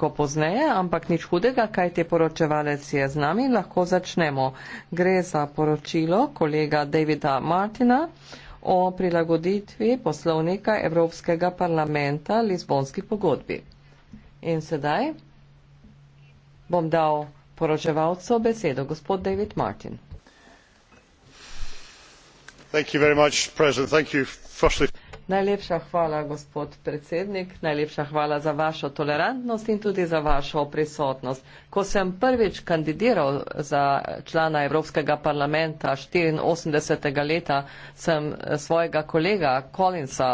Ko pozneje, ampak nič hudega, kaj te poročevalec je z nami, lahko začnemo. Gre za poročilo kolega Davida Martina o prilagoditvi poslovnika Evropskega parlamenta Lizbonski pogodbi. In sedaj bom dal poročevalcu besedo, gospod David Martin. Thank you very much, President. Thank you, firstly. Najlepša hvala, gospod predsednik, najlepša hvala za vašo tolerantnost in tudi za vašo prisotnost. Ko sem prvič kandidiral za člana Evropskega parlamenta 84. leta, sem eh, svojega kolega Collinsa,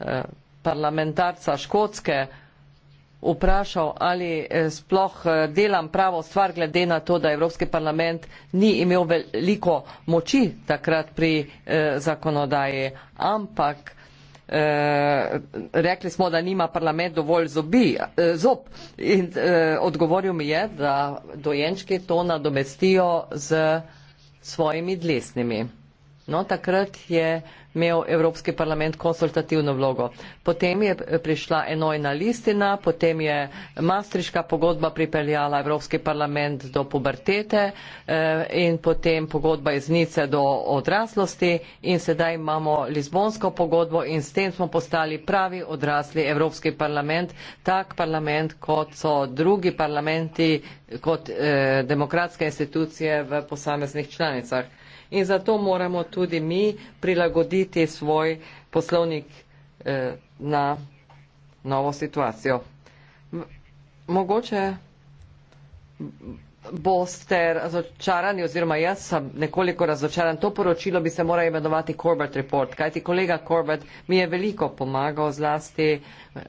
eh, parlamentarca Škotske, vprašal, ali eh, sploh delam pravo stvar glede na to, da Evropski parlament ni imel veliko moči takrat pri zakonodaji, ampak Eh, rekli smo, da nima parlament dovolj zobi, eh, zob. In eh, odgovoril mi je, da dojenčki to nadomestijo z svojimi dlesnimi. No, takrat je imel Evropski parlament konsultativno vlogo. Potem je prišla enojna listina, potem je mastriška pogodba pripeljala Evropski parlament do pubertete eh, in potem pogodba iz Nice do odraslosti in sedaj imamo Lizbonsko pogodbo in s tem smo postali pravi odrasli Evropski parlament, tak parlament, kot so drugi parlamenti, kot eh, demokratske institucije v posameznih članicah in zato moramo tudi mi prilagoditi svoj poslovnik eh, na novo situacijo. Mogoče boste razočarani oziroma jaz sem nekoliko razočaran. To poročilo bi se moralo imenovati Corbett Report, kajti kolega Corbett mi je veliko pomagal zlasti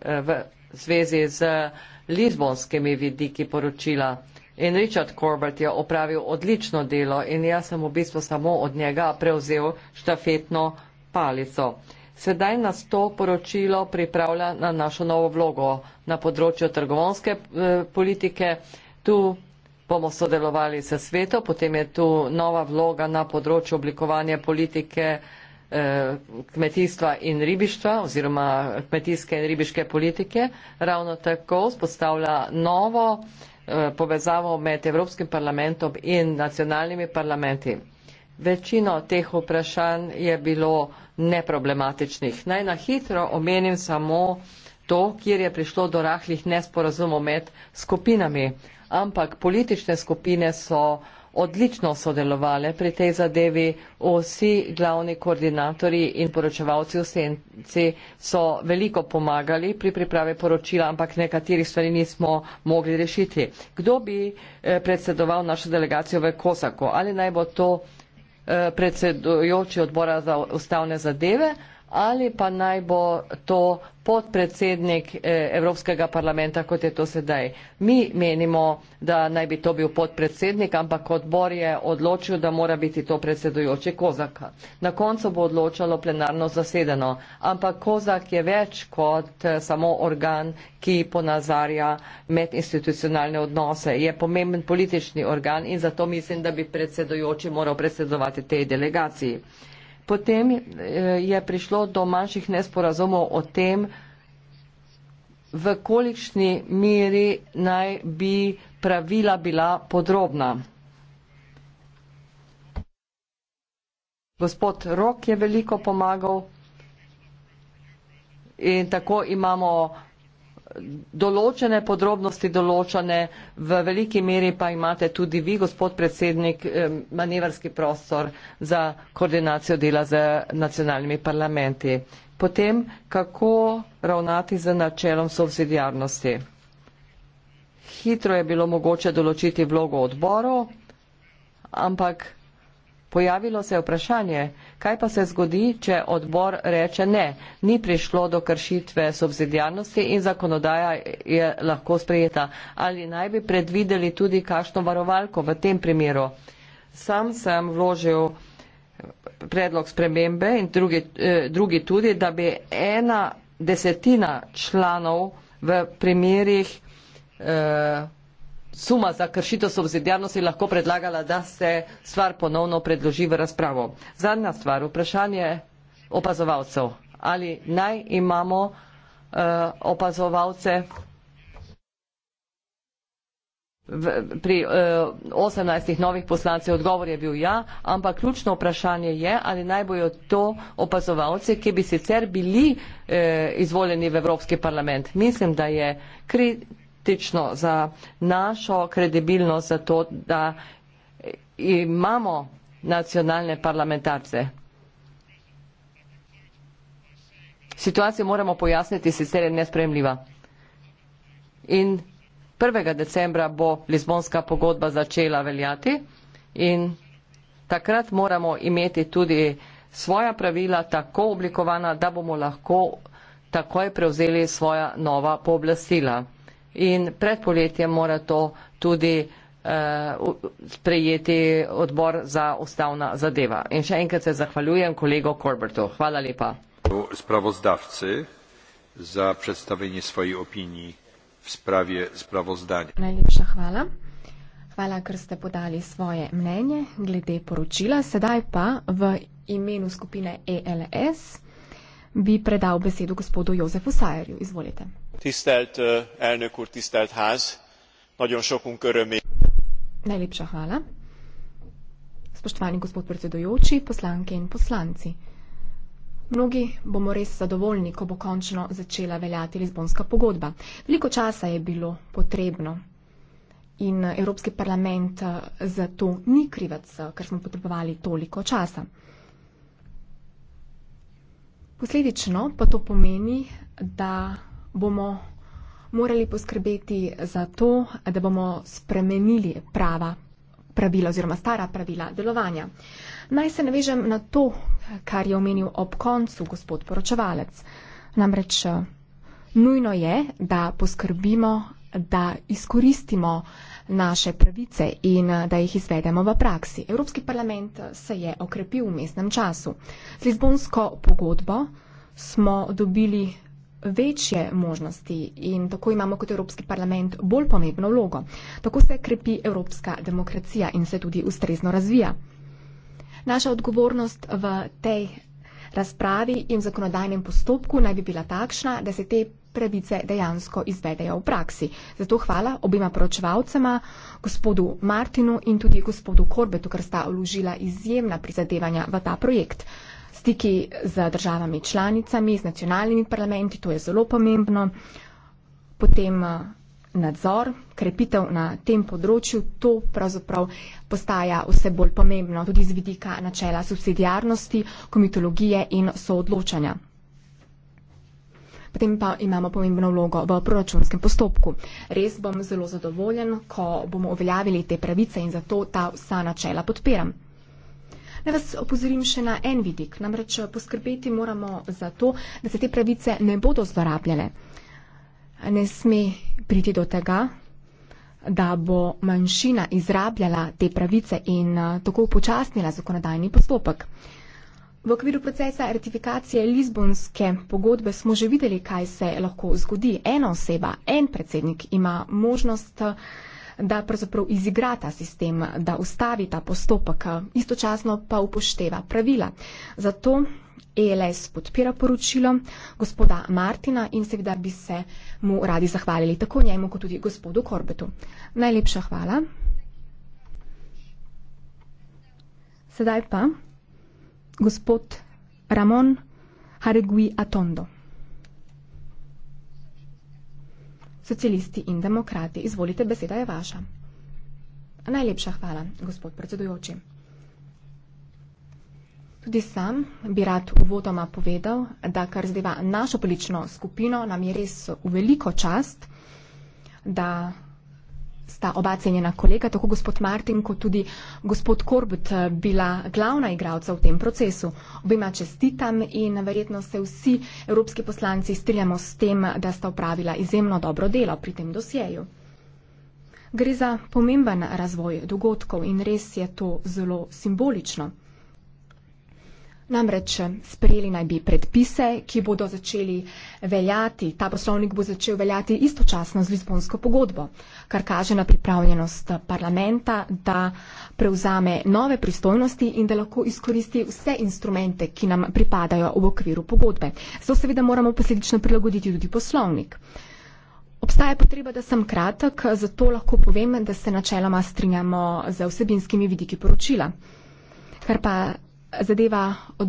eh, v zvezi z lizbonskimi vidiki poročila. In Richard Corbett je opravil odlično delo in jaz sem v bistvu samo od njega prevzel štafetno palico. Sedaj nas to poročilo pripravlja na našo novo vlogo na področju trgovinske eh, politike. Tu bomo sodelovali s svetom, potem je tu nova vloga na področju oblikovanja politike eh, kmetijstva in ribištva oziroma kmetijske in ribiške politike. Ravno tako spostavlja novo Eh, povezavo med Evropskim parlamentom in nacionalnimi parlamenti. Večino teh vprašanj je bilo neproblematičnih. Naj na hitro omenim samo to, kjer je prišlo do rahlih nesporazumov med skupinami, ampak politične skupine so odlično sodelovali pri tej zadevi. Vsi glavni koordinatorji in poročevalci v senci so veliko pomagali pri pripravi poročila, ampak nekaterih stvari nismo mogli rešiti. Kdo bi eh, predsedoval našo delegacijo v Kosako? Ali naj bo to eh, predsedujoči odbora za ustavne zadeve? ali pa naj bo to podpredsednik eh, Evropskega parlamenta, kot je to sedaj. Mi menimo, da naj bi to bil podpredsednik, ampak odbor je odločil, da mora biti to predsedujoči Kozak. Na koncu bo odločalo plenarno zasedeno, ampak Kozak je več kot eh, samo organ, ki ponazarja medinstitucionalne odnose. Je pomemben politični organ in zato mislim, da bi predsedujoči moral predsedovati tej delegaciji. Potem eh, je prišlo do manjših nesporazumov o tem, v kolikšni meri naj bi pravila bila podrobna. Gospod Rok je veliko pomagal in tako imamo določene podrobnosti določene, v veliki meri pa imate tudi vi, gospod predsednik, eh, manevrski prostor za koordinacijo dela z nacionalnimi parlamenti. Potem, kako ravnati z načelom subsidijarnosti? Hitro je bilo mogoče določiti vlogo odborov, ampak Pojavilo se je vprašanje, kaj pa se zgodi, če odbor reče ne, ni prišlo do kršitve subsidijarnosti in zakonodaja je lahko sprejeta. Ali naj bi predvideli tudi kakšno varovalko v tem primeru? Sam sem vložil eh, predlog spremembe in drugi, eh, drugi tudi, da bi ena desetina članov v primerih eh, suma za kršitev subsidijarnosti lahko predlagala, da se stvar ponovno predloži v razpravo. Zadnja stvar, vprašanje opazovalcev. Ali naj imamo uh, opazovalce v, pri uh, eh, 18 novih poslancev? Odgovor je bil ja, ampak ključno vprašanje je, ali naj bojo to opazovalce, ki bi sicer bili uh, izvoljeni v Evropski parlament. Mislim, da je kri kritično za našo kredibilnost, za to, da imamo nacionalne parlamentarce. Situacijo moramo pojasniti, sicer je nespremljiva. In 1. decembra bo Lizbonska pogodba začela veljati in takrat moramo imeti tudi svoja pravila tako oblikovana, da bomo lahko takoj prevzeli svoja nova pooblastila in pred poletjem mora to tudi eh, sprejeti odbor za ustavna zadeva. In še enkrat se zahvaljujem kolego Corbertu. Hvala lepa. Spravozdavci za predstavljanje svojih opinij v spravje spravozdanja. Najlepša hvala. Hvala, ker ste podali svoje mnenje glede poročila. Sedaj pa v imenu skupine ELS bi predal besedo gospodu Jozefu Sajerju. Izvolite tisztelt elnök úr tisztelt ház nagyon sokunk örömét Najlepša hvala. Spoštovani gospod predsedujoči, poslanke in poslanci. Mnogi bomo res zadovoljni, ko bo končno začela veljati Lizbonska pogodba. Veliko časa je bilo potrebno in Evropski parlament za to ni krivac, ker smo potrebovali toliko časa. Posledično pa to pomeni, da bomo morali poskrbeti za to, da bomo spremenili prava pravila oziroma stara pravila delovanja. Naj se navežem na to, kar je omenil ob koncu gospod poročevalec. Namreč eh, nujno je, da poskrbimo, da izkoristimo naše pravice in eh, da jih izvedemo v praksi. Evropski parlament eh, se je okrepil v mestnem času. Z Lizbonsko pogodbo smo dobili večje možnosti in tako imamo kot Evropski parlament bolj pomembno vlogo. Tako se krepi evropska demokracija in se tudi ustrezno razvija. Naša odgovornost v tej razpravi in zakonodajnem postopku naj bi bila takšna, da se te pravice dejansko izvedejo v praksi. Zato hvala obima poročevalcema, gospodu Martinu in tudi gospodu Korbetu, ker sta vložila izjemna prizadevanja v ta projekt stiki z državami članicami, z nacionalnimi parlamenti, to je zelo pomembno. Potem eh, nadzor, krepitev na tem področju, to pravzaprav postaja vse bolj pomembno tudi z vidika načela subsidijarnosti, komitologije in soodločanja. Potem pa imamo pomembno vlogo v proračunskem postopku. Res bom zelo zadovoljen, ko bomo uveljavili te pravice in zato ta vsa načela podpiram. Naj vas opozorim še na en vidik, namreč eh, poskrbeti moramo za to, da se te pravice ne bodo zlorabljale. Ne sme priti do tega, da bo manjšina izrabljala te pravice in eh, tako upočasnila zakonodajni postopek. V okviru procesa ratifikacije Lizbonske pogodbe smo že videli, kaj se lahko zgodi. Ena oseba, en predsednik ima možnost eh, da pravzaprav izigra ta sistem, da ustavi ta postopek, istočasno pa upošteva pravila. Zato ELS podpira poročilo gospoda Martina in seveda bi se mu radi zahvalili tako njemu kot tudi gospodu Korbetu. Najlepša hvala. Sedaj pa gospod Ramon Haregui Atondo. socialisti in demokrati. Izvolite, beseda je vaša. Najlepša hvala, gospod predsedujoči. Tudi sam bi rad uvodoma povedal, da kar zdajva našo politično skupino, nam je res v veliko čast, da sta oba cenjena kolega, tako gospod Martin kot tudi gospod Korbut, eh, bila glavna igralca v tem procesu. Obima čestitam in verjetno se vsi evropski poslanci strinjamo s tem, da sta upravila izjemno dobro delo pri tem dosjeju. Gre za pomemben razvoj dogodkov in res je to zelo simbolično. Namreč sprejeli naj bi predpise, ki bodo začeli veljati, ta poslovnik bo začel veljati istočasno z Lizbonsko pogodbo, kar kaže na pripravljenost parlamenta, da prevzame nove pristojnosti in da lahko izkoristi vse instrumente, ki nam pripadajo v okviru pogodbe. Zato seveda moramo posledično prilagoditi tudi poslovnik. Obstaja potreba, da sem kratek, zato lahko povem, da se načeloma strinjamo z vsebinskimi vidiki poročila. Kar pa zadeva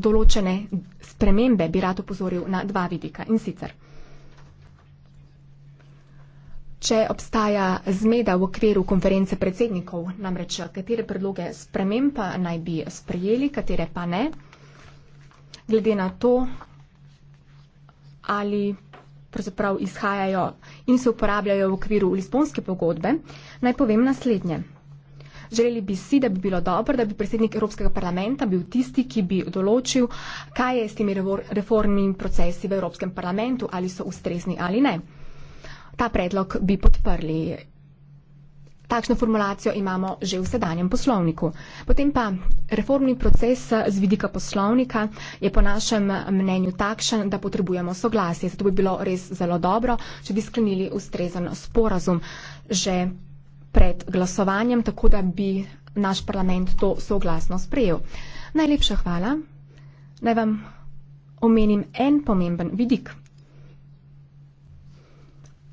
določene spremembe, bi rad upozoril na dva vidika. In sicer, če obstaja zmeda v okviru konference predsednikov, namreč katere predloge sprememb naj bi sprejeli, katere pa ne, glede na to, ali pravzaprav izhajajo in se uporabljajo v okviru Lisbonske pogodbe, naj povem naslednje. Želeli bi si, da bi bilo dobro, da bi predsednik Evropskega parlamenta bil tisti, ki bi določil, kaj je s temi reformnimi procesi v Evropskem parlamentu, ali so ustrezni ali ne. Ta predlog bi podprli. Takšno formulacijo imamo že v sedanjem poslovniku. Potem pa reformni proces z vidika poslovnika je po našem mnenju takšen, da potrebujemo soglasje. Zato bi bilo res zelo dobro, če bi sklenili ustrezen sporazum že pred glasovanjem, tako da bi naš parlament to soglasno sprejel. Najlepša hvala. Naj vam omenim en pomemben vidik.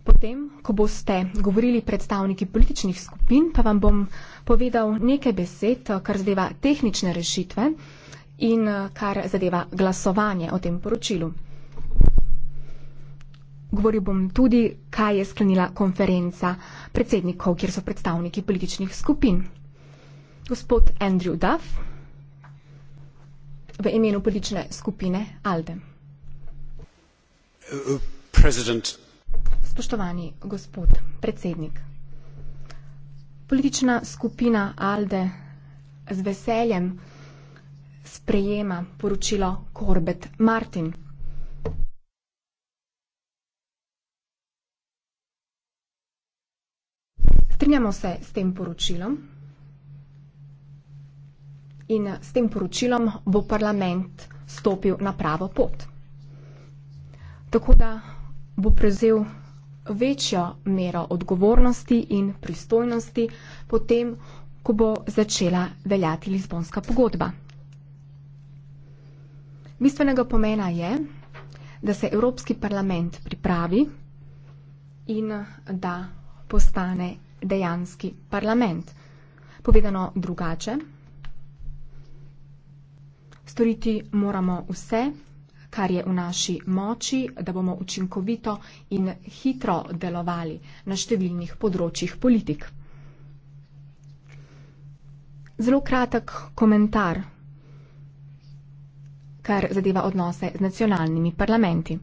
Potem, ko boste govorili predstavniki političnih skupin, pa vam bom povedal nekaj besed, kar zadeva tehnične rešitve in kar zadeva glasovanje o tem poročilu. Govoril bom tudi, kaj je sklenila konferenca predsednikov, kjer so predstavniki političnih skupin. Gospod Andrew Duff, v imenu politične skupine ALDE. Uh, president. Spoštovani gospod predsednik. Politična skupina ALDE z veseljem sprejema poročilo Corbett Martin. strinjamo se s tem poročilom. In s tem poročilom bo parlament stopil na pravo pot. Tako da bo prevzel večjo mero odgovornosti in pristojnosti potem, ko bo začela veljati Lizbonska pogodba. Bistvenega pomena je, da se Evropski parlament pripravi in da postane dejanski parlament. Povedano drugače, storiti moramo vse, kar je v naši moči, da bomo učinkovito in hitro delovali na številnih področjih politik. Zelo kratek komentar, kar zadeva odnose z nacionalnimi parlamenti.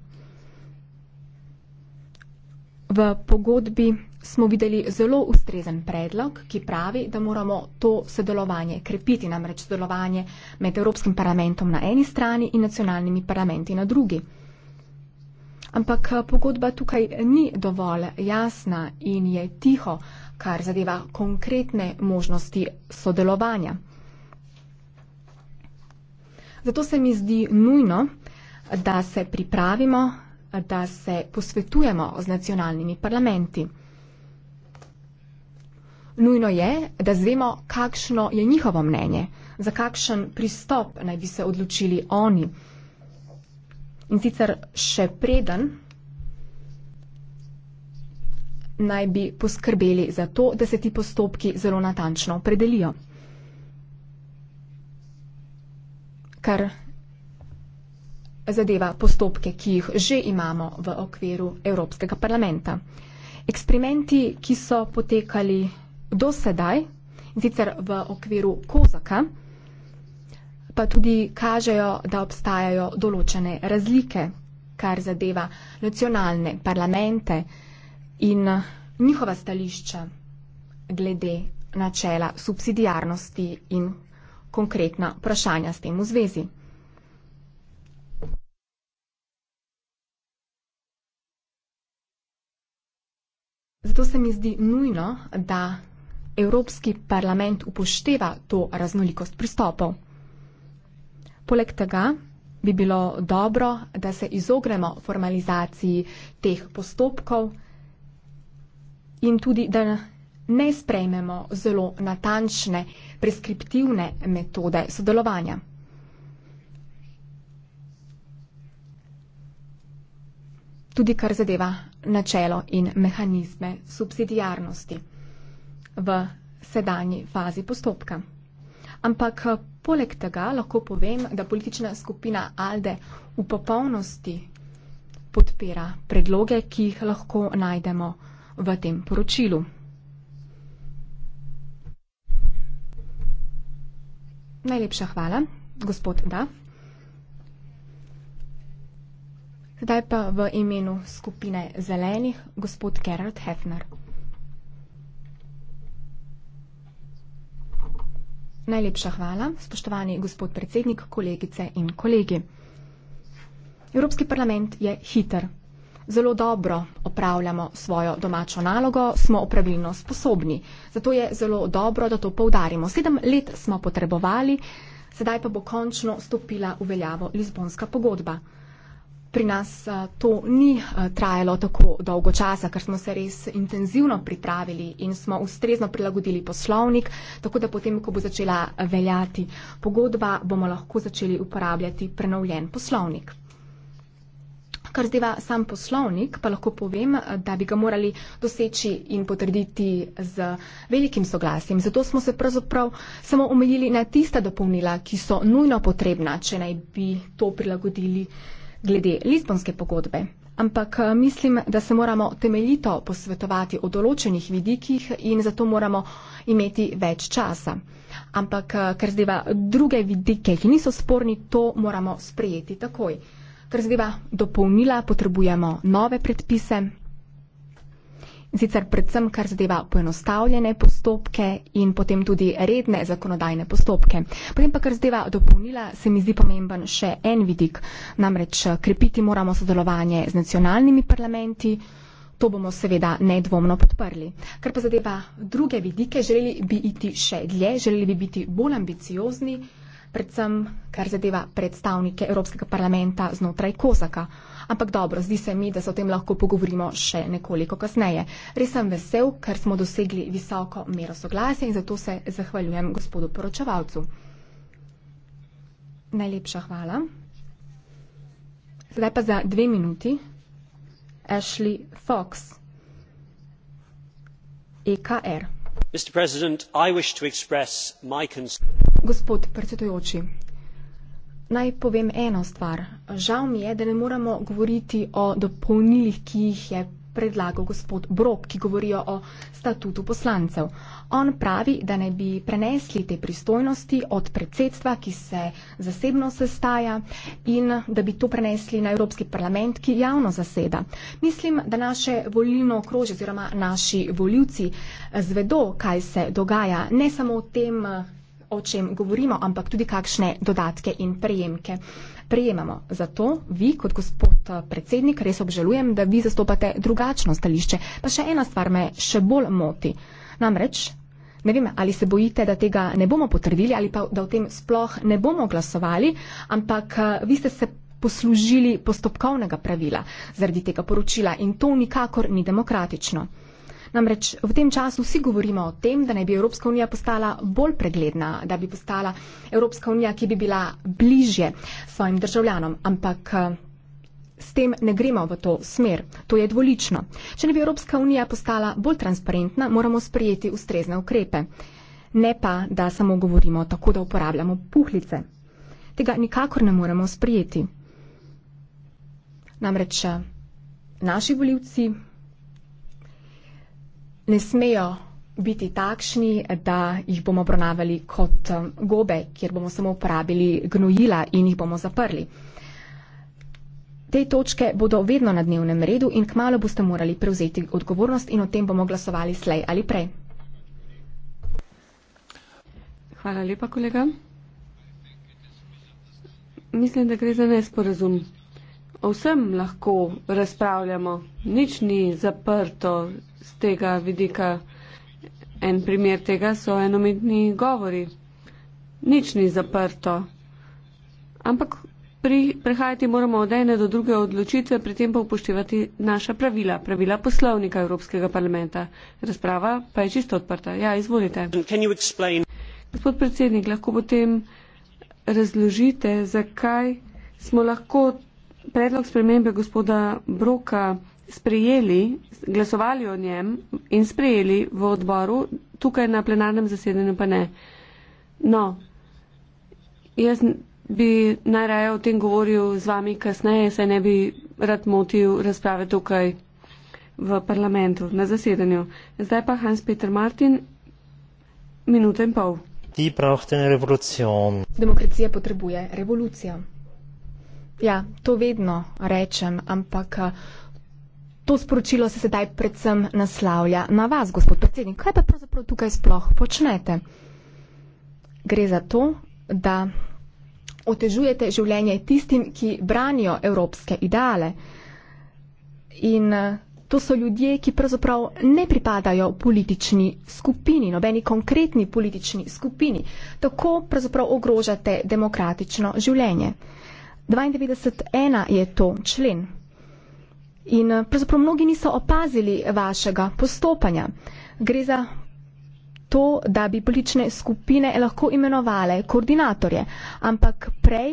V pogodbi smo videli zelo ustrezen predlog, ki pravi, da moramo to sodelovanje krepiti, namreč sodelovanje med Evropskim parlamentom na eni strani in nacionalnimi parlamenti na drugi. Ampak eh, pogodba tukaj ni dovolj jasna in je tiho, kar zadeva konkretne možnosti sodelovanja. Zato se mi zdi nujno, da se pripravimo, da se posvetujemo z nacionalnimi parlamenti. Nujno je, da zvemo, kakšno je njihovo mnenje, za kakšen pristop naj bi se odločili oni. In sicer še preden naj bi poskrbeli za to, da se ti postopki zelo natančno opredelijo. Kar zadeva postopke, ki jih že imamo v okviru Evropskega parlamenta. Eksperimenti, ki so potekali do sedaj, in sicer v okviru kozaka, pa tudi kažejo, da obstajajo določene razlike, kar zadeva nacionalne parlamente in njihova stališča glede načela subsidijarnosti in konkretna vprašanja s tem v zvezi. Zato se mi zdi nujno, da Evropski parlament upošteva to raznolikost pristopov. Poleg tega bi bilo dobro, da se izognemo formalizaciji teh postopkov in tudi, da ne sprejmemo zelo natančne preskriptivne metode sodelovanja. Tudi kar zadeva načelo in mehanizme subsidijarnosti v sedanji fazi postopka. Ampak eh, poleg tega lahko povem, da politična skupina Alde v popolnosti podpira predloge, ki jih lahko najdemo v tem poročilu. Najlepša hvala, gospod Da. Zdaj pa v imenu skupine zelenih gospod Gerard Hefner. Najlepša hvala, spoštovani gospod predsednik, kolegice in kolegi. Evropski parlament je hiter. Zelo dobro opravljamo svojo domačo nalogo, smo opravilno sposobni. Zato je zelo dobro, da to poudarimo. Sedem let smo potrebovali, sedaj pa bo končno stopila v veljavo Lizbonska pogodba. Pri nas to ni trajalo tako dolgo časa, ker smo se res intenzivno pripravili in smo ustrezno prilagodili poslovnik, tako da potem, ko bo začela veljati pogodba, bomo lahko začeli uporabljati prenovljen poslovnik. Kar zdaj sam poslovnik, pa lahko povem, da bi ga morali doseči in potrditi z velikim soglasjem. Zato smo se pravzaprav samo omejili na tista dopolnila, ki so nujno potrebna, če naj bi to prilagodili glede Lizbonske pogodbe. Ampak eh, mislim, da se moramo temeljito posvetovati o določenih vidikih in zato moramo imeti več časa. Ampak eh, kar zdeva druge vidike, ki niso sporni, to moramo sprejeti takoj. Kar zdeva dopolnila, potrebujemo nove predpise, sicer predvsem kar zadeva poenostavljene postopke in potem tudi redne zakonodajne postopke. Potem pa kar zadeva dopolnila, se mi zdi pomemben še en vidik, namreč krepiti moramo sodelovanje z nacionalnimi parlamenti. To bomo seveda nedvomno podprli. Kar pa zadeva druge vidike, želeli bi iti še dlje, želeli bi biti bolj ambiciozni predvsem kar zadeva predstavnike Evropskega parlamenta znotraj Kozaka. Ampak dobro, zdi se mi, da se o tem lahko pogovorimo še nekoliko kasneje. Res sem vesel, ker smo dosegli visoko mero soglasja in zato se zahvaljujem gospodu poročevalcu. Najlepša hvala. Zdaj pa za dve minuti Ashley Fox, EKR. Mr. President, I wish to express my concern. Gospod predsedujoči, naj povem eno stvar. Žal mi je, da ne moramo govoriti o dopolnilih, ki jih je predlagal gospod Brok, ki govorijo o statutu poslancev. On pravi, da ne bi prenesli te pristojnosti od predsedstva, ki se zasebno sestaja in da bi to prenesli na Evropski parlament, ki javno zaseda. Mislim, da naše volilno okrožje oziroma naši voljivci eh, zvedo, kaj se dogaja ne samo v tem eh, o čem govorimo, ampak tudi kakšne dodatke in prejemke. Prejemamo. Zato vi, kot gospod eh, predsednik, res obžalujem, da vi zastopate drugačno stališče. Pa še ena stvar me še bolj moti. Namreč, ne vem, ali se bojite, da tega ne bomo potrdili ali pa da o tem sploh ne bomo glasovali, ampak eh, vi ste se poslužili postopkovnega pravila zaradi tega poročila in to nikakor ni demokratično. Namreč v tem času vsi govorimo o tem, da naj bi Evropska unija postala bolj pregledna, da bi postala Evropska unija, ki bi bila bližje svojim državljanom. Ampak eh, s tem ne gremo v to smer. To je dvolično. Če ne bi Evropska unija postala bolj transparentna, moramo sprejeti ustrezne ukrepe. Ne pa, da samo govorimo tako, da uporabljamo puhlice. Tega nikakor ne moremo sprijeti. Namreč eh, naši voljivci ne smejo biti takšni, da jih bomo obravnavali kot um, gobe, kjer bomo samo uporabili gnojila in jih bomo zaprli. Te točke bodo vedno na dnevnem redu in kmalo boste morali prevzeti odgovornost in o tem bomo glasovali slej ali prej. Hvala lepa, kolega. Mislim, da gre za nesporazum. O vsem lahko razpravljamo, nič ni zaprto, z tega vidika. En primer tega so enomitni govori. Nič ni zaprto. Ampak pri, prehajati moramo od ene do druge odločitve, pri tem pa upoštevati naša pravila, pravila poslovnika Evropskega parlamenta. Razprava pa je čisto odprta. Ja, izvolite. Gospod predsednik, lahko potem razložite, zakaj smo lahko predlog spremembe gospoda Broka sprejeli, glasovali o njem in sprejeli v odboru, tukaj na plenarnem zasedanju pa ne. No, jaz bi najraje o tem govoril z vami kasneje, saj ne bi rad motil razprave tukaj v parlamentu na zasedanju. Zdaj pa Hans-Peter Martin, minuta in pol. Ti prahte na revolucijo. Demokracija potrebuje revolucijo. Ja, to vedno rečem, ampak To sporočilo se sedaj predvsem naslavlja na vas, gospod predsednik. Kaj pa pravzaprav tukaj sploh počnete? Gre za to, da otežujete življenje tistim, ki branijo evropske ideale. In eh, to so ljudje, ki pravzaprav ne pripadajo politični skupini, nobeni konkretni politični skupini. Tako pravzaprav ogrožate demokratično življenje. 92.1 je to člen. In eh, pravzaprav mnogi niso opazili vašega postopanja. Gre za to, da bi politične skupine lahko imenovali koordinatorje, ampak prej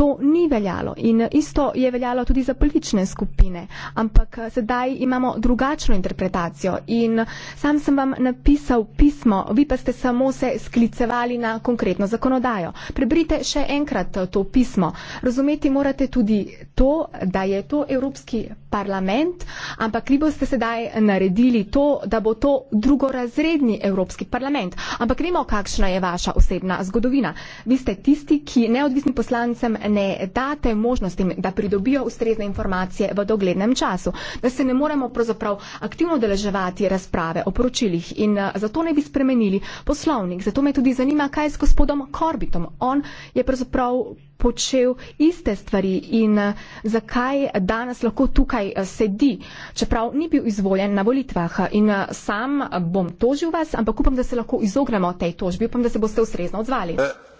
to ni veljalo. In isto je veljalo tudi za politične skupine, ampak eh, sedaj imamo drugačno interpretacijo. In sam sem vam napisal pismo, vi pa ste samo se sklicevali na konkretno zakonodajo. Preberite še enkrat eh, to pismo. Razumeti morate tudi to, da je to Evropski parlament, ampak vi boste sedaj naredili to, da bo to drugorazredni Evropski parlament. Ampak vemo, kakšna je vaša osebna zgodovina. Vi ste tisti, ki neodvisni poslancem ne date možnosti, da pridobijo ustrezne informacije v doglednem času, da se ne moremo pravzaprav aktivno deleževati razprave o poročilih in eh, zato ne bi spremenili poslovnik. Zato me tudi zanima, kaj je s gospodom Korbitom. On je pravzaprav počel iste stvari in eh, zakaj danes lahko tukaj eh, sedi, čeprav ni bil izvoljen na volitvah. In sam bom tožil vas, ampak upam, da se lahko izognemo tej tožbi, upam, da se boste ustrezno odzvali.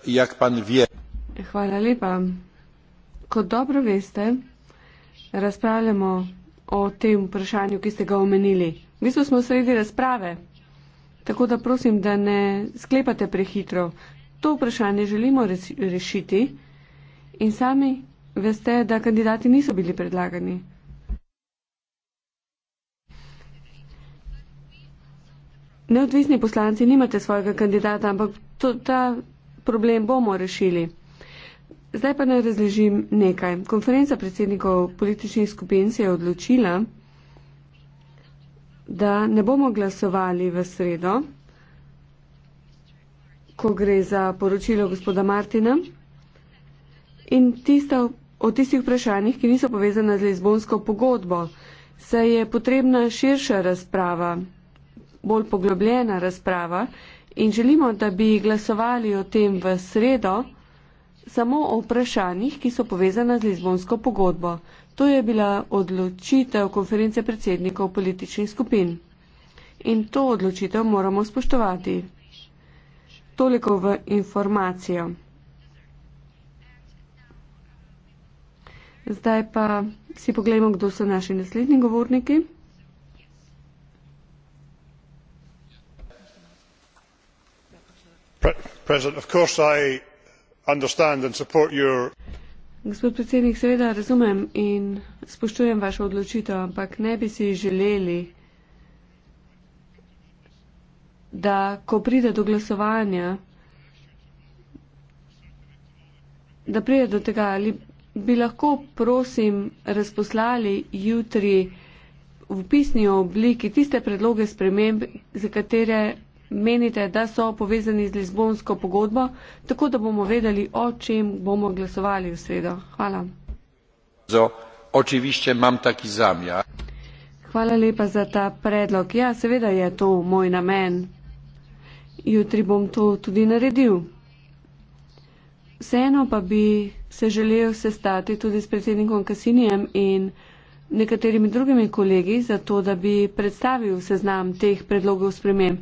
Jak pan vie. Hvala lepa. Kot dobro veste, razpravljamo o tem vprašanju, ki ste ga omenili. Mi smo sredi razprave, tako da prosim, da ne sklepate prehitro. To vprašanje želimo rešiti in sami veste, da kandidati niso bili predlagani. Neodvisni poslanci nimate svojega kandidata, ampak to, ta problem bomo rešili. Zdaj pa naj razležim nekaj. Konferenca predsednikov političnih skupin se je odločila, da ne bomo glasovali v sredo, ko gre za poročilo gospoda Martina in tista, o tistih vprašanjih, ki niso povezane z Lizbonsko pogodbo, se je potrebna širša razprava, bolj poglobljena razprava in želimo, da bi glasovali o tem v sredo, samo o vprašanjih, ki so povezana z Lizbonsko pogodbo. To je bila odločitev konference predsednikov političnih skupin. In to odločitev moramo spoštovati. Toliko v informacijo. Zdaj pa si pogledamo, kdo so naši naslednji govorniki. President, of course I understand and support your Gospod predsednik, seveda razumem in spoštujem vašo odločitev, ampak ne bi si želeli, da ko pride do glasovanja, da pride do tega, ali bi lahko, prosim, razposlali jutri v pisni obliki tiste predloge sprememb, za katere menite, da so povezani z Lizbonsko pogodbo, tako da bomo vedeli, o čem bomo glasovali v sredo. Hvala. Hvala lepa za ta predlog. Ja, seveda je to moj namen. Jutri bom to tudi naredil. Vseeno pa bi se želel sestati tudi s predsednikom Kasinijem in nekaterimi drugimi kolegi, zato da bi predstavil seznam teh predlogov sprememb.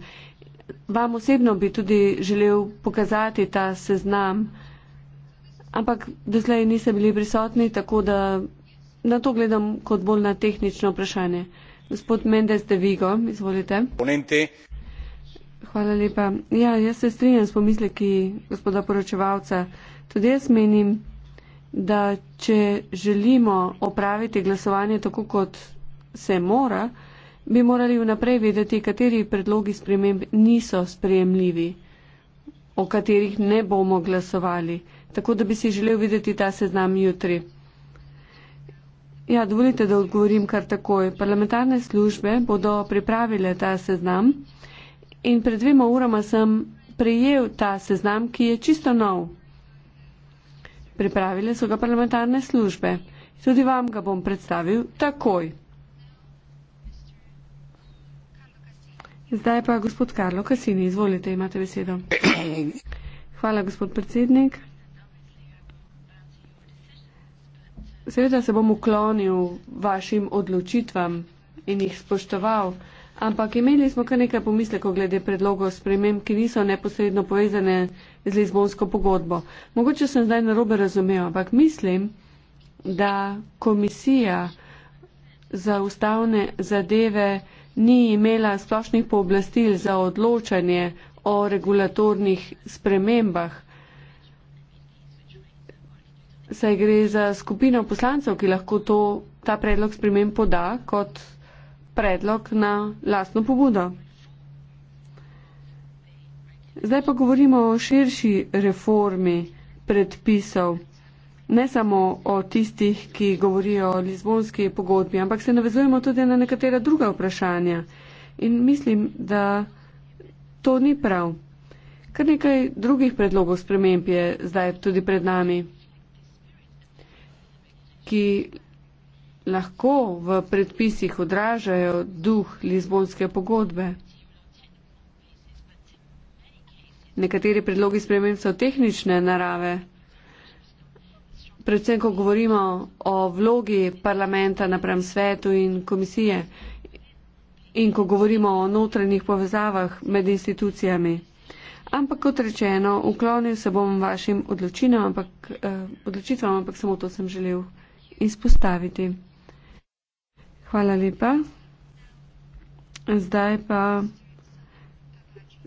Vam osebno bi tudi želel pokazati ta seznam, ampak doslej niste bili prisotni, tako da na to gledam kot bolj na tehnično vprašanje. Gospod Mendes de Vigo, izvolite. Ponente. Hvala lepa. Ja, jaz se strinjam s pomisleki gospoda poročevalca. Tudi jaz menim, da če želimo opraviti glasovanje tako, kot se mora, bi morali vnaprej vedeti, kateri predlogi sprememb niso sprejemljivi, o katerih ne bomo glasovali. Tako da bi si želel videti ta seznam jutri. Ja, dovolite, da odgovorim kar takoj. Parlamentarne službe bodo pripravile ta seznam in pred dvema urama sem prejel ta seznam, ki je čisto nov. Pripravile so ga parlamentarne službe. Tudi vam ga bom predstavil takoj. Zdaj pa gospod Karlo Kasini, izvolite, imate besedo. Hvala, gospod predsednik. Seveda se bom uklonil vašim odločitvam in jih spoštoval, ampak imeli smo kar nekaj pomislekov glede predlogov spremem, ki niso neposredno povezane z Lizbonsko pogodbo. Mogoče sem zdaj narobe razumel, ampak mislim, da komisija za ustavne zadeve ni imela splošnih pooblastil za odločanje o regulatornih spremembah. Saj gre za skupino poslancev, ki lahko to, ta predlog sprememb poda kot predlog na lastno pobudo. Zdaj pa govorimo o širši reformi predpisov ne samo o tistih, ki govorijo o Lizbonski pogodbi, ampak se navezujemo tudi na nekatera druga vprašanja. In mislim, da to ni prav. Kar nekaj drugih predlogov sprememb je zdaj tudi pred nami, ki lahko v predpisih odražajo duh Lizbonske pogodbe. Nekateri predlogi sprememb so tehnične narave predvsem, ko govorimo o vlogi parlamenta naprem svetu in komisije in ko govorimo o notranjih povezavah med institucijami. Ampak kot rečeno, uklonil se bom vašim odločitvam, ampak, eh, odločitvam, ampak samo to sem želel izpostaviti. Hvala lepa. Zdaj pa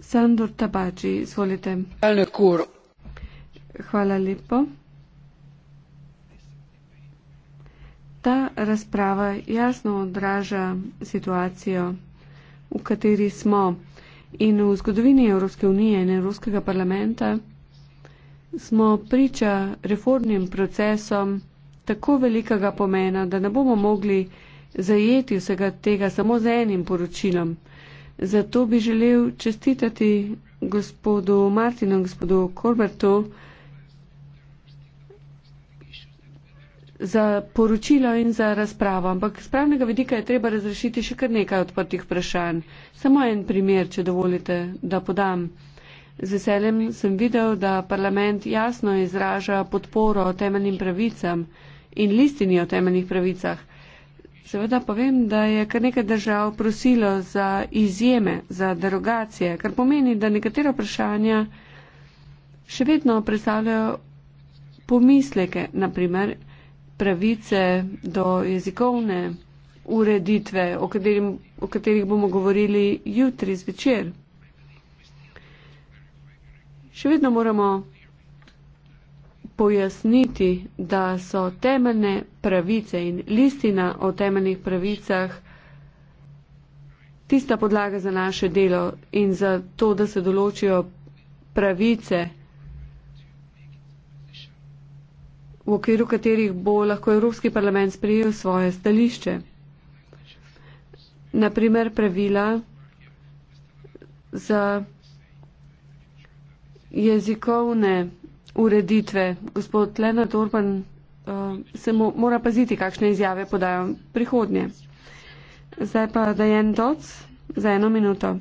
Sandor Tabači, izvolite. Hvala lepo. Ta razprava jasno odraža situacijo, v kateri smo in v zgodovini Evropske unije in Evropskega parlamenta smo priča reformnim procesom tako velikega pomena, da ne bomo mogli zajeti vsega tega samo z enim poročilom. Zato bi želel čestitati gospodu Martinu in gospodu Korbertu, za poročilo in za razpravo, ampak z pravnega vidika je treba razrešiti še kar nekaj odprtih vprašanj. Samo en primer, če dovolite, da podam. Z veseljem sem videl, da parlament jasno izraža podporo o temeljnim pravicam in listini o temeljnih pravicah. Seveda pa vem, da je kar nekaj držav prosilo za izjeme, za derogacije, kar pomeni, da nekatera vprašanja še vedno predstavljajo pomisleke, naprimer pravice do jezikovne ureditve, o, katerim, o katerih bomo govorili jutri zvečer. Še vedno moramo pojasniti, da so temeljne pravice in listina o temeljnih pravicah tista podlaga za naše delo in za to, da se določijo pravice. v okviru katerih bo lahko Evropski parlament sprejel svoje stališče. Naprimer pravila za jezikovne ureditve. Gospod Lenard Orban uh, se mo mora paziti, kakšne izjave podajo prihodnje. Zdaj pa dajem doc za eno minuto.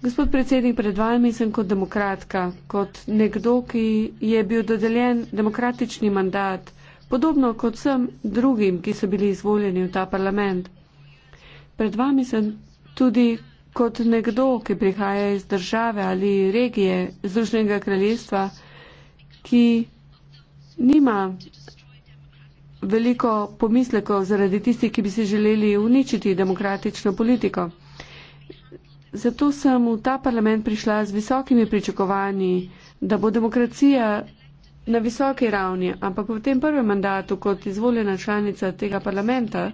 Gospod predsednik, pred vami sem kot demokratka, kot nekdo, ki je bil dodeljen demokratični mandat, podobno kot vsem drugim, ki so bili izvoljeni v ta parlament. Pred vami sem tudi kot nekdo, ki prihaja iz države ali regije Združenega kraljestva, ki nima veliko pomislekov zaradi tistih, ki bi si želeli uničiti demokratično politiko. Zato sem v ta parlament prišla z visokimi pričakovanji, da bo demokracija na visoki ravni, ampak v tem prvem mandatu kot izvoljena članica tega parlamenta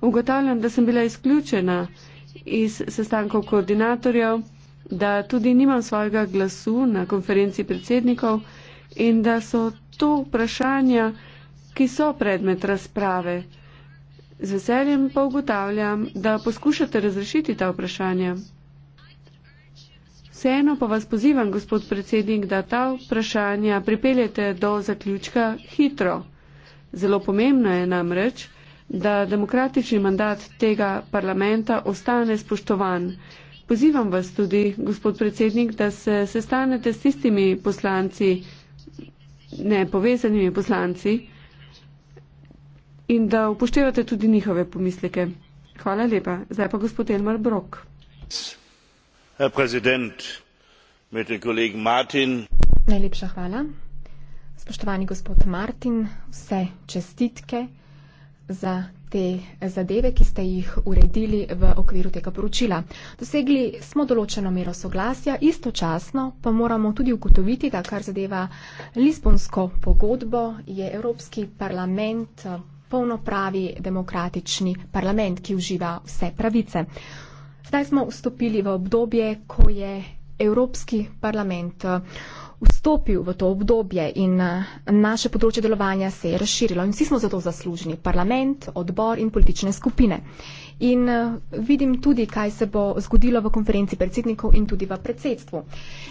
ugotavljam, da sem bila izključena iz sestankov koordinatorjev, da tudi nimam svojega glasu na konferenci predsednikov in da so to vprašanja, ki so predmet razprave. Z veseljem pa ugotavljam, da poskušate razrešiti ta vprašanja. Vseeno pa vas pozivam, gospod predsednik, da ta vprašanja pripeljete do zaključka hitro. Zelo pomembno je namreč, da demokratični mandat tega parlamenta ostane spoštovan. Pozivam vas tudi, gospod predsednik, da se sestanete s tistimi poslanci, ne povezanimi poslanci, in da upoštevate tudi njihove pomisleke. Hvala lepa. Zdaj pa gospod Elmar Brok herr präsident mit dem kollegen martin! najlepša hvala spoštovani gospod martin vse čestitke za te zadeve ki ste jih uredili v okviru tega poročila dosegli smo določeno mero soglasja istočasno pa moramo tudi ugotoviti da kar zadeva lizbonsko pogodbo je evropski parlament polnopravi demokratični parlament ki uživa vse pravice. Zdaj smo vstopili v obdobje, ko je Evropski parlament eh, vstopil v to obdobje in eh, naše področje delovanja se je razširilo in vsi smo za to zaslužni, parlament, odbor in politične skupine. Uh, in eh, vidim tudi, kaj se bo zgodilo v konferenci predsednikov in tudi v predsedstvu.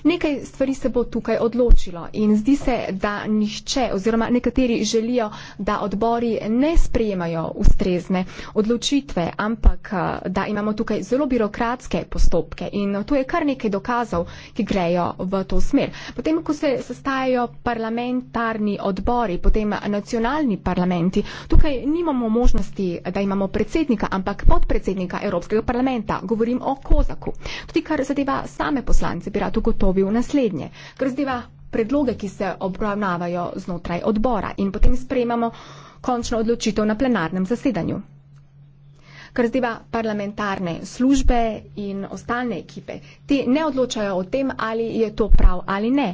Nekaj stvari se bo tukaj odločilo in zdi se, da nihče oziroma nekateri želijo, da odbori ne sprejemajo ustrezne odločitve, ampak eh, da imamo tukaj zelo birokratske postopke in tu je kar nekaj dokazov, ki grejo v to smer. Potem, ko se sestajajo parlamentarni odbori, potem nacionalni parlamenti, tukaj nimamo možnosti, da imamo predsednika, ampak podpredsednika Evropskega parlamenta, govorim o Kozaku. Tudi kar zadeva same poslance, bi rad ugotovil naslednje. Kar zadeva predloge, ki se obravnavajo znotraj odbora in potem sprejemamo končno odločitev na plenarnem zasedanju kar zdaj pa parlamentarne službe in ostalne ekipe. Ti ne odločajo o tem, ali je to prav ali ne,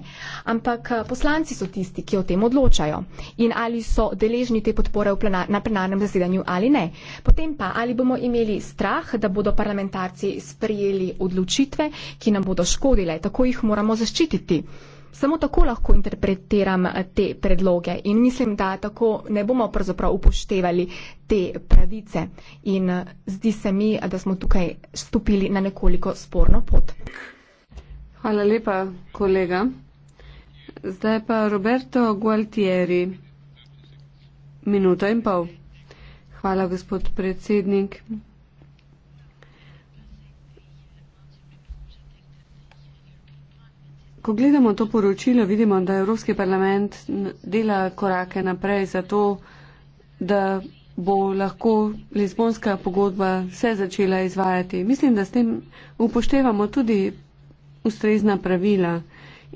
ampak eh, poslanci so tisti, ki o tem odločajo in ali so deležni te podpore plena, na plenarnem zasedanju ali ne. Potem pa, ali bomo imeli strah, da bodo parlamentarci sprejeli odločitve, ki nam bodo škodile, tako jih moramo zaščititi. Samo tako lahko interpretiram eh, te predloge in mislim, da tako ne bomo pravzaprav upoštevali te pravice. In eh, zdi se mi, da smo tukaj stopili na nekoliko sporno pot. Hvala lepa, kolega. Zdaj pa Roberto Gualtieri. Minuta in pol. Hvala, gospod predsednik. ko gledamo to poročilo, vidimo, da Evropski parlament dela korake naprej za to, da bo lahko Lizbonska pogodba se začela izvajati. Mislim, da s tem upoštevamo tudi ustrezna pravila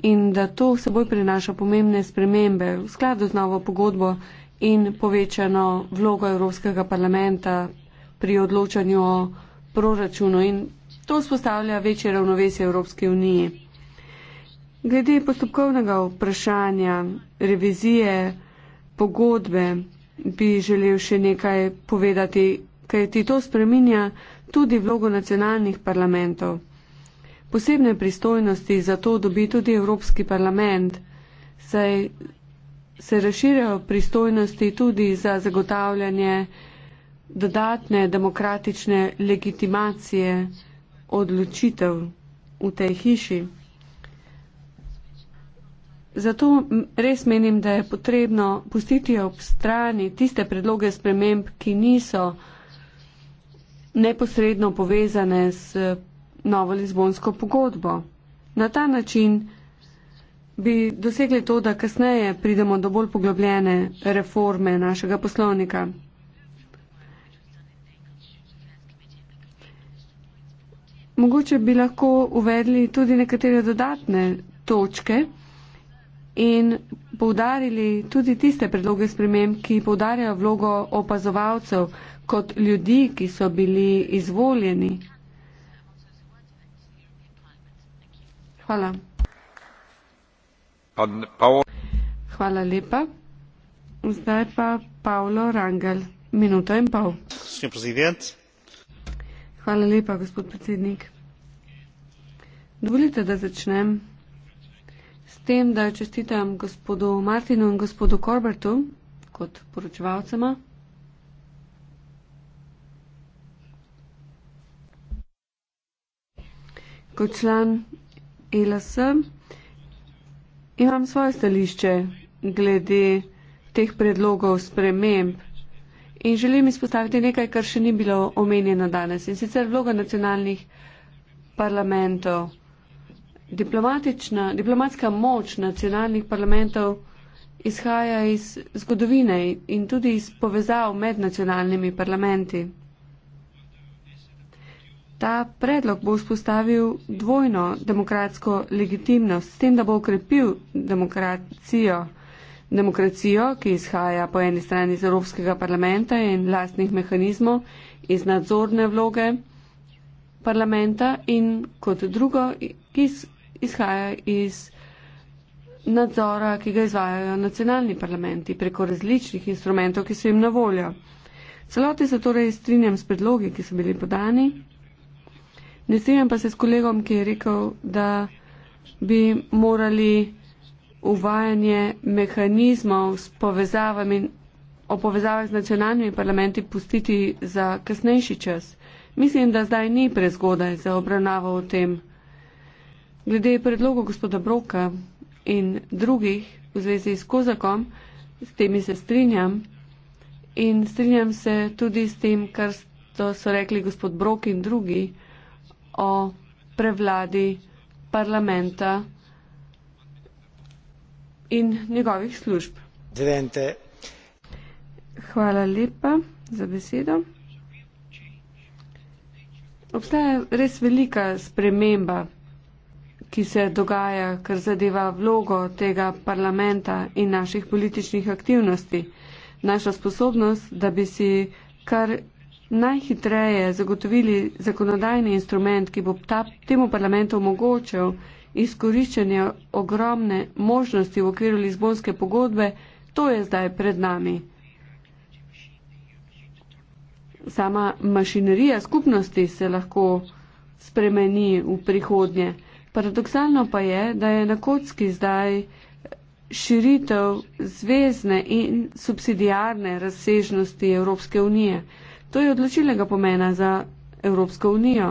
in da to seboj prinaša pomembne spremembe v skladu z novo pogodbo in povečano vlogo Evropskega parlamenta pri odločanju o proračunu in to spostavlja večje ravnovesje Evropske unije. Glede postopkovnega vprašanja, revizije, pogodbe, bi želel še nekaj povedati, kaj ti to spreminja tudi vlogo nacionalnih parlamentov. Posebne pristojnosti za to dobi tudi Evropski parlament, saj se razširjajo pristojnosti tudi za zagotavljanje dodatne demokratične legitimacije odločitev v tej hiši. Zato res menim, da je potrebno pustiti ob strani tiste predloge sprememb, ki niso neposredno povezane s eh, novo Lizbonsko pogodbo. Na ta način bi dosegli to, da kasneje pridemo do bolj poglobljene reforme našega poslovnika. Mogoče bi lahko uvedli tudi nekatere dodatne točke in poudarili tudi tiste predloge sprememb, ki poudarjajo vlogo opazovalcev kot ljudi, ki so bili izvoljeni. Hvala. Hvala lepa. Zdaj pa Paolo Rangel. Minuto in pol. Hvala lepa, gospod predsednik. Dovolite, da začnem tem, da čestitam gospodu Martinu in gospodu Korbertu kot poročevalcema. Kot član ELS imam svoje stališče glede teh predlogov sprememb in želim izpostaviti nekaj, kar še ni bilo omenjeno danes in sicer vloga nacionalnih parlamentov diplomatska moč nacionalnih parlamentov izhaja iz zgodovine in tudi iz povezav med nacionalnimi parlamenti. Ta predlog bo vzpostavil dvojno demokratsko legitimnost, s tem, da bo ukrepil demokracijo. Demokracijo, ki izhaja po eni strani iz Evropskega parlamenta in lastnih mehanizmov, iz nadzorne vloge parlamenta in kot drugo, ki izhaja iz nadzora, ki ga izvajajo nacionalni parlamenti preko različnih instrumentov, ki so jim na voljo. Celoti se torej strinjam s predlogi, ki so bili podani. Ne strinjam pa se s kolegom, ki je rekel, da bi morali uvajanje mehanizmov s povezavami, o povezavah z nacionalnimi parlamenti pustiti za kasnejši čas. Mislim, da zdaj ni prezgodaj za obravnavo o tem. Glede predlogov gospoda Broka in drugih v zvezi s Kozakom, s temi se strinjam in strinjam se tudi s tem, kar so rekli gospod Brok in drugi o prevladi parlamenta in njegovih služb. Dvente. Hvala lepa za besedo. Obstaja res velika sprememba ki se dogaja, kar zadeva vlogo tega parlamenta in naših političnih aktivnosti, naša sposobnost, da bi si kar najhitreje zagotovili zakonodajni instrument, ki bo ta, temu parlamentu omogočil izkoriščenje ogromne možnosti v okviru Lizbonske pogodbe, to je zdaj pred nami. Sama mašinerija skupnosti se lahko spremeni v prihodnje. Paradoksalno pa je, da je na kocki zdaj širitev zvezne in subsidijarne razsežnosti Evropske unije. To je odločilnega pomena za Evropsko unijo.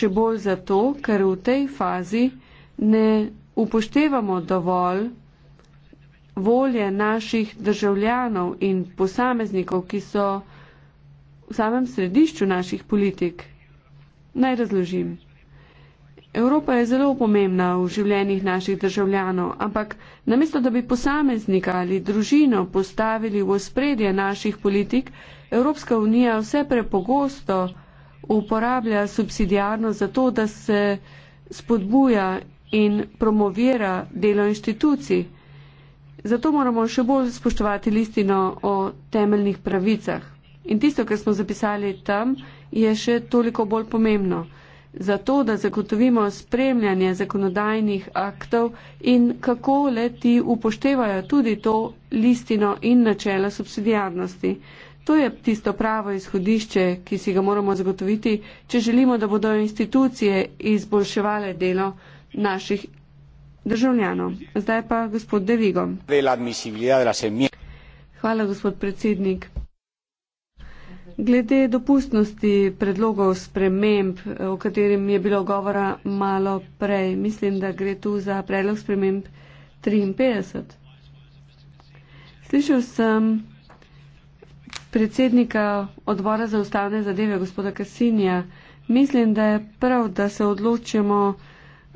Še bolj zato, ker v tej fazi ne upoštevamo dovolj volje naših državljanov in posameznikov, ki so v samem središču naših politik. Naj razložim. Evropa je zelo pomembna v življenjih naših državljanov, ampak namesto, da bi posameznika ali družino postavili v spredje naših politik, Evropska unija vse prepogosto uporablja subsidijarno za to, da se spodbuja in promovira delo inštitucij. Zato moramo še bolj spoštovati listino o temeljnih pravicah. In tisto, kar smo zapisali tam, je še toliko bolj pomembno zato, da zagotovimo spremljanje zakonodajnih aktov in kako le ti upoštevajo tudi to listino in načela subsidijarnosti. To je tisto pravo izhodišče, ki si ga moramo zagotoviti, če želimo, da bodo institucije izboljševale delo naših državljanov. Zdaj pa gospod Devigo. Hvala, gospod predsednik. Glede dopustnosti predlogov sprememb, o katerem je bilo govora malo prej, mislim, da gre tu za predlog sprememb 53. Slišal sem predsednika odbora za ustavne zadeve, gospoda Kasinja. Mislim, da je prav, da se odločimo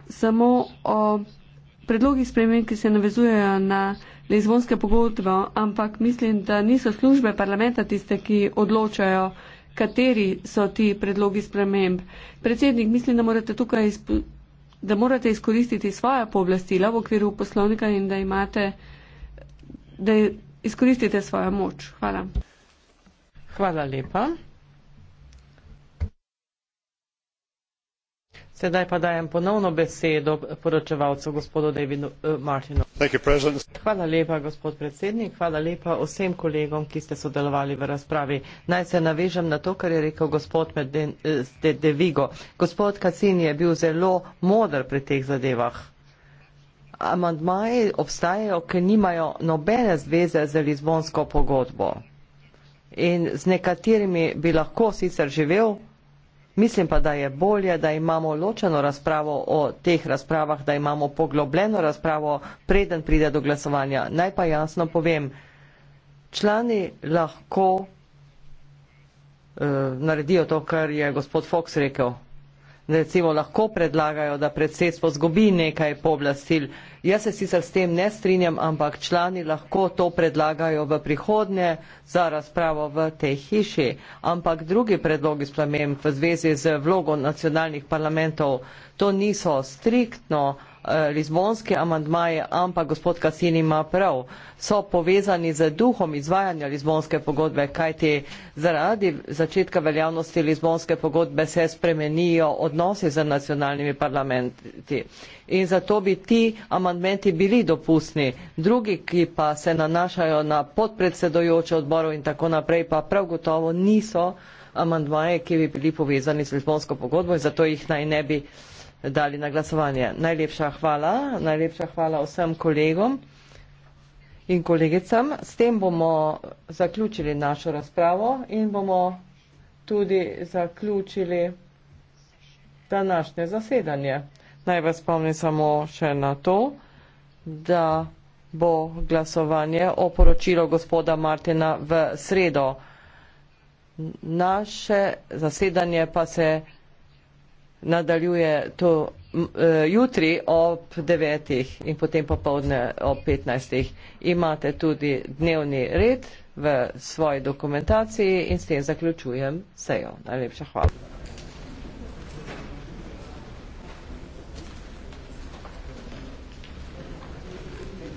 samo o predlogih sprememb, ki se navezujejo na lizbonske pogodbe, ampak mislim, da niso službe parlamenta tiste, ki odločajo, kateri so ti predlogi sprememb. Predsednik, mislim, da morate tukaj da morate izkoristiti svoja pooblastila v okviru poslovnika in da imate, da izkoristite svojo moč. Hvala. Hvala lepa. Sedaj pa dajem ponovno besedo poročevalcu gospodu Davidu eh, Martinu. Hvala lepa, gospod predsednik. Hvala lepa vsem kolegom, ki ste sodelovali v razpravi. Naj se navežem na to, kar je rekel gospod Medvedevigo. Eh, gospod Kacin je bil zelo modr pri teh zadevah. Amandmaji obstajajo, ki nimajo nobene zveze z Lizbonsko pogodbo. In z nekaterimi bi lahko sicer živel, Mislim pa, da je bolje, da imamo ločeno razpravo o teh razpravah, da imamo poglobljeno razpravo, preden pride do glasovanja. Naj pa jasno povem, člani lahko eh, naredijo to, kar je gospod Fox rekel. Recimo lahko predlagajo, da predsedstvo zgobi nekaj pooblastil. Jaz se sicer s tem ne strinjam, ampak člani lahko to predlagajo v prihodnje za razpravo v tej hiši. Ampak drugi predlogi sprememb v zvezi z vlogo nacionalnih parlamentov, to niso striktno lizbonske amandmaje, ampak gospod Kasin ima prav, so povezani z duhom izvajanja lizbonske pogodbe, kajti zaradi začetka veljavnosti lizbonske pogodbe se spremenijo odnose z nacionalnimi parlamenti. In zato bi ti amandmenti bili dopustni, drugi, ki pa se nanašajo na podpredsedojoče odborov in tako naprej, pa prav gotovo niso amandmaje, ki bi bili povezani z lizbonsko pogodbo in zato jih naj ne bi dali na glasovanje. Najlepša hvala, najlepša hvala vsem kolegom in kolegicam. S tem bomo zaključili našo razpravo in bomo tudi zaključili današnje zasedanje. Naj vas spomnim samo še na to, da bo glasovanje o poročilo gospoda Martina v sredo. Naše zasedanje pa se nadaljuje to e, jutri ob 9. in potem popovdne ob 15. Imate tudi dnevni red v svoji dokumentaciji in s tem zaključujem sejo. Najlepša hvala.